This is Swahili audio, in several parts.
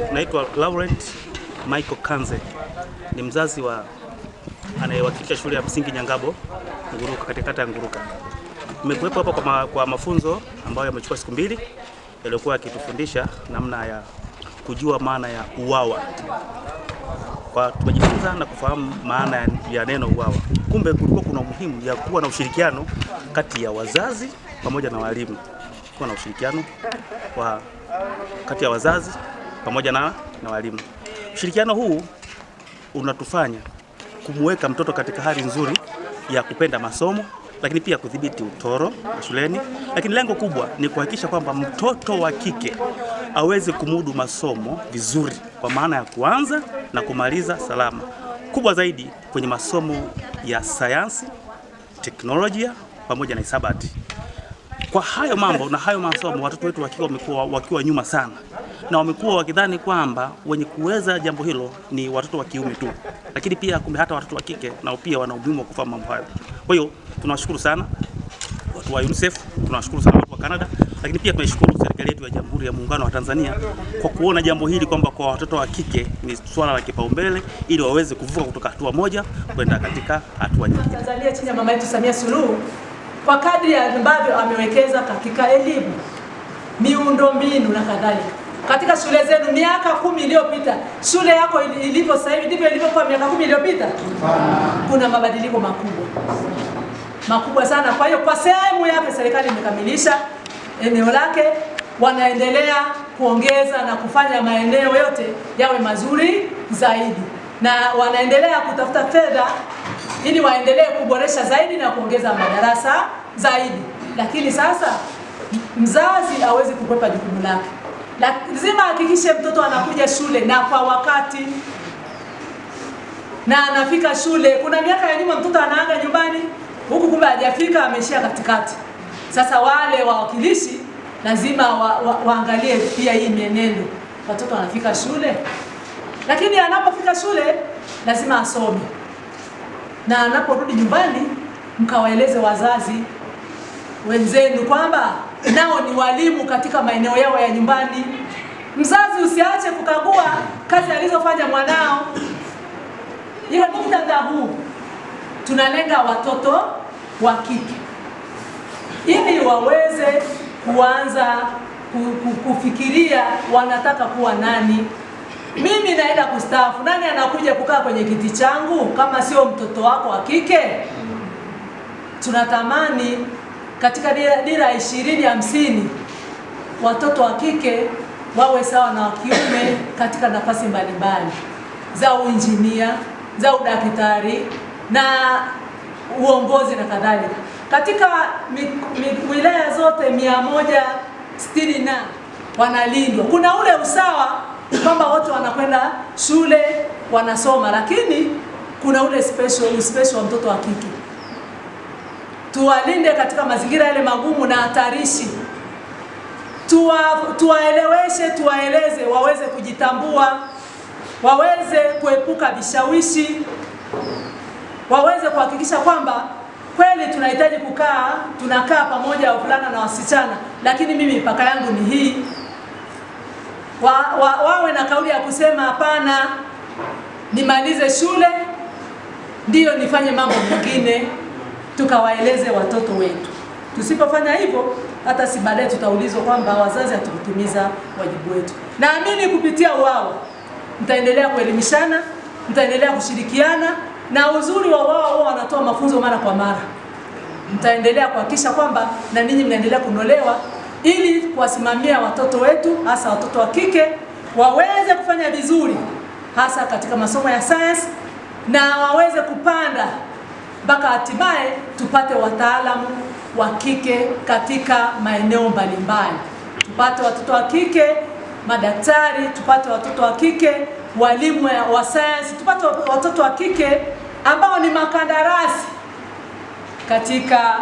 yangu naitwa Laurent Michael Kanze, ni mzazi wa anayewakilisha shule ya msingi Nyangabo Nguruka katika kata ya Nguruka. Nimekuwepo hapa kwa, ma, kwa mafunzo ambayo yamechukua siku mbili yaliyokuwa akitufundisha namna ya kujua maana ya uwawa kwa tumejifunza na kufahamu maana ya neno uwawa. Kumbe kulikuwa kuna umuhimu ya kuwa na ushirikiano kati ya wazazi pamoja na walimu, kuwa na ushirikiano wa kati ya wazazi pamoja na, na walimu. Ushirikiano huu unatufanya kumweka mtoto katika hali nzuri ya kupenda masomo lakini pia kudhibiti utoro wa shuleni, lakini lengo kubwa ni kuhakikisha kwamba mtoto wa kike aweze kumudu masomo vizuri, kwa maana ya kuanza na kumaliza salama, kubwa zaidi kwenye masomo ya sayansi, teknolojia pamoja na hisabati. Kwa hayo mambo na hayo masomo, watoto wetu wa kike wamekuwa wakiwa nyuma sana na wamekuwa wakidhani kwamba wenye kuweza jambo hilo ni watoto wa kiume tu, lakini pia kumbe hata watoto wa kike nao pia wana umuhimu wa kufahamu mambo hayo. Kwa hiyo tunawashukuru sana watu wa UNICEF, tunawashukuru sana watu wa Canada, lakini pia tunashukuru serikali yetu ya Jamhuri ya Muungano wa Tanzania kwa kuona jambo hili kwamba kwa watoto wa kike ni swala la kipaumbele, ili waweze kuvuka kutoka hatua moja kwenda katika hatua nyingine. Tanzania chini ya mama yetu Samia Suluhu, kwa kadri ambavyo amewekeza katika elimu, miundombinu na kadhalika katika shule zenu miaka kumi iliyopita shule yako ilivyo sasa hivi ndivyo ilivyokuwa miaka kumi iliyopita? Kuna mabadiliko makubwa makubwa sana. Kwa hiyo kwa sehemu yake serikali imekamilisha eneo lake, wanaendelea kuongeza na kufanya maeneo yote yawe mazuri zaidi, na wanaendelea kutafuta fedha ili waendelee kuboresha zaidi na kuongeza madarasa zaidi. Lakini sasa mzazi hawezi kukwepa jukumu lake lazima hakikishe mtoto anakuja shule na kwa wakati na anafika shule. Kuna miaka ya nyuma mtoto anaanga nyumbani huku, kumbe hajafika, ameishia katikati. Sasa wale wawakilishi lazima wa, wa, waangalie pia hii mienendo, watoto wanafika shule. Lakini anapofika shule lazima asome, na anaporudi nyumbani mkawaeleze wazazi wenzenu kwamba nao ni walimu katika maeneo yao ya nyumbani. Mzazi usiache kukagua kazi alizofanya mwanao. Ila muktadha huu tunalenga watoto wa kike ili waweze kuanza kufikiria wanataka kuwa nani. Mimi naenda kustaafu, nani anakuja kukaa kwenye kiti changu kama sio mtoto wako wa kike? Tunatamani katika dira ishirini hamsini watoto wa kike wawe sawa na wa kiume katika nafasi mbalimbali za uinjinia za udaktari na uongozi na kadhalika katika wilaya zote mia moja sitini na wanalindwa. Kuna ule usawa kwamba wote wanakwenda shule wanasoma, lakini kuna ule special, special wa mtoto wa kike tuwalinde katika mazingira yale magumu na hatarishi, tuwaeleweshe, tuwaeleze waweze kujitambua, waweze kuepuka vishawishi, waweze kuhakikisha kwamba kweli tunahitaji kukaa, tunakaa pamoja wavulana na wasichana, lakini mimi mipaka yangu ni hii. Wa, wa, wawe na kauli ya kusema hapana, nimalize shule ndiyo nifanye mambo mengine tukawaeleze watoto wetu. Tusipofanya hivyo, hata si baadaye tutaulizwa kwamba wazazi hatukutimiza wajibu wetu. Naamini kupitia wao mtaendelea kuelimishana, mtaendelea kushirikiana, na uzuri wa wao wao wanatoa mafunzo mara kwa mara, mtaendelea kuhakikisha kwamba na ninyi mnaendelea kunolewa ili kuwasimamia watoto wetu, hasa watoto wa kike waweze kufanya vizuri hasa katika masomo ya sayansi na waweze kupanda mpaka hatimaye tupate wataalamu wa kike katika maeneo mbalimbali, tupate watoto wa kike madaktari, tupate watoto wa kike walimu wa sayansi, tupate watoto wa kike ambao ni makandarasi katika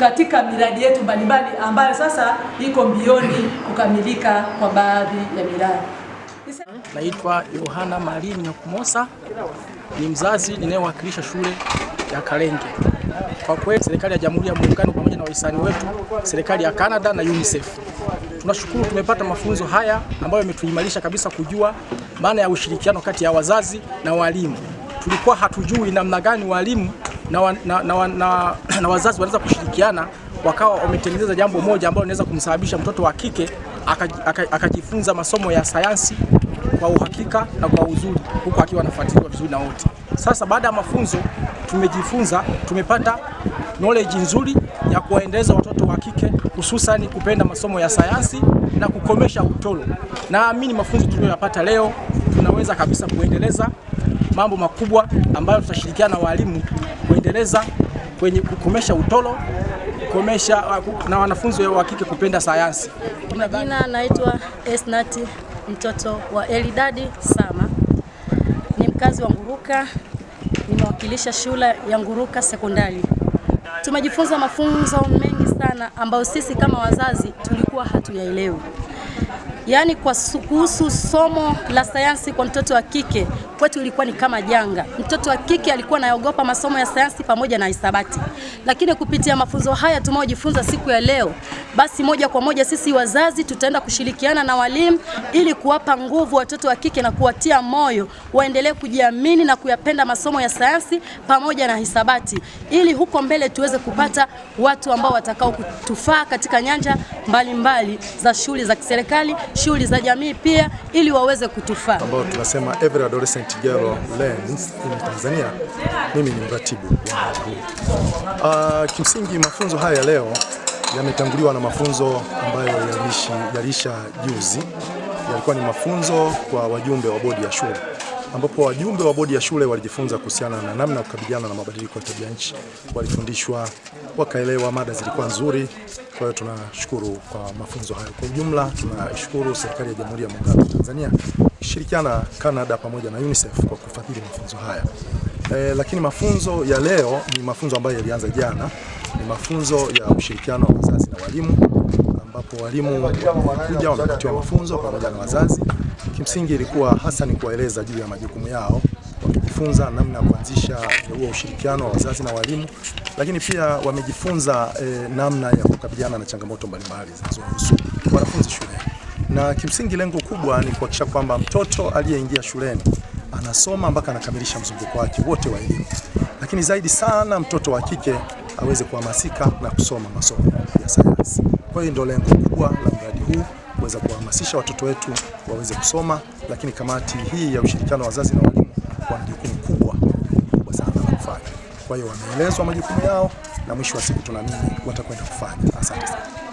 katika miradi yetu mbalimbali ambayo sasa iko mbioni kukamilika kwa baadhi ya miradi. Naitwa Yohana Marie Nyakumosa, ni mzazi ninayewakilisha shule ya Kalenge. Kwa kweli serikali ya Jamhuri ya Muungano pamoja na wahisani wetu, serikali ya Canada na UNICEF, tunashukuru tumepata mafunzo haya ambayo yametuimarisha kabisa kujua maana ya ushirikiano kati ya wazazi na walimu. Tulikuwa hatujui namna gani walimu na, wa, na, na, na, na wazazi wanaweza kushirikiana wakawa wametengeneza jambo moja ambalo linaweza kumsababisha mtoto wa kike akajifunza masomo ya sayansi kwa uhakika na kwa uzuri, huku akiwa anafuatiliwa vizuri na wote. Sasa baada ya mafunzo tumejifunza, tumepata knowledge nzuri ya kuwaendeleza watoto wa kike hususani kupenda masomo ya sayansi na kukomesha utoro. Naamini mafunzo tuliyoyapata leo tunaweza kabisa kuendeleza mambo makubwa ambayo tutashirikiana na walimu kuendeleza kwenye kukomesha utoro, kukomesha ah, na wanafunzi wa kike kupenda sayansi. Jina naitwa Esnati mtoto wa Elidadi Sama, ni mkazi wa Nguruka. Nimewakilisha shule ya Nguruka Sekondari. Tumejifunza mafunzo mengi sana ambayo sisi kama wazazi tulikuwa hatuyaelewi yaani kwa kuhusu somo la sayansi kwa mtoto wa kike kwetu ilikuwa ni kama janga. Mtoto wa kike alikuwa anaogopa masomo ya sayansi pamoja na hisabati, lakini kupitia mafunzo haya tumaojifunza siku ya leo, basi moja kwa moja sisi wazazi tutaenda kushirikiana na walimu ili kuwapa nguvu watoto wa kike na kuwatia moyo waendelee kujiamini na kuyapenda masomo ya sayansi pamoja na hisabati, ili huko mbele tuweze kupata watu ambao watakao kutufaa katika nyanja mbalimbali mbali za shughuli za kiserikali shughuli za jamii pia, ili waweze kutufaa, ambao tunasema every adolescent girl learns in Tanzania. Mimi ni mratibu wa uh, kimsingi mafunzo haya leo yametanguliwa na mafunzo ambayo yaliisha juzi, yalikuwa ni mafunzo kwa wajumbe wa bodi ya shule ambapo wajumbe wa bodi ya shule walijifunza kuhusiana na namna ya kukabiliana na mabadiliko ya tabia nchi. Walifundishwa wakaelewa, mada zilikuwa nzuri. Kwa hiyo tunashukuru kwa mafunzo hayo. Kwa ujumla, tunashukuru serikali ya Jamhuri ya Muungano wa Tanzania ikishirikiana na Canada pamoja na UNICEF kwa kufadhili mafunzo haya. E, lakini mafunzo ya leo ni mafunzo ambayo yalianza jana, ni mafunzo ya ushirikiano wa wazazi na walimu ambapo walimu kuja wamepatiwa mafunzo pamoja na wazazi. Kimsingi ilikuwa hasa ni kuwaeleza juu ya majukumu yao, wamejifunza namna ya kuanzisha huo ushirikiano wa wazazi na walimu, lakini pia wamejifunza eh, namna ya kukabiliana na changamoto mbalimbali zinazohusu wanafunzi shuleni, na kimsingi lengo kubwa ni kuhakikisha kwamba mtoto aliyeingia shuleni anasoma mpaka anakamilisha mzunguko wake wote wa elimu, lakini zaidi sana mtoto wa kike aweze kuhamasika na kusoma masomo ya sayansi. Kwa hiyo ndio lengo kubwa la mradi huu kuweza kuwahamasisha watoto wetu waweze kusoma, lakini kamati hii ya ushirikiano wa wazazi na walimu wana jukumu kubwa kubwa sana la kufanya. Kwa hiyo wameelezwa majukumu yao na mwisho wa siku tunaamini watakwenda kufanya. Asante sana.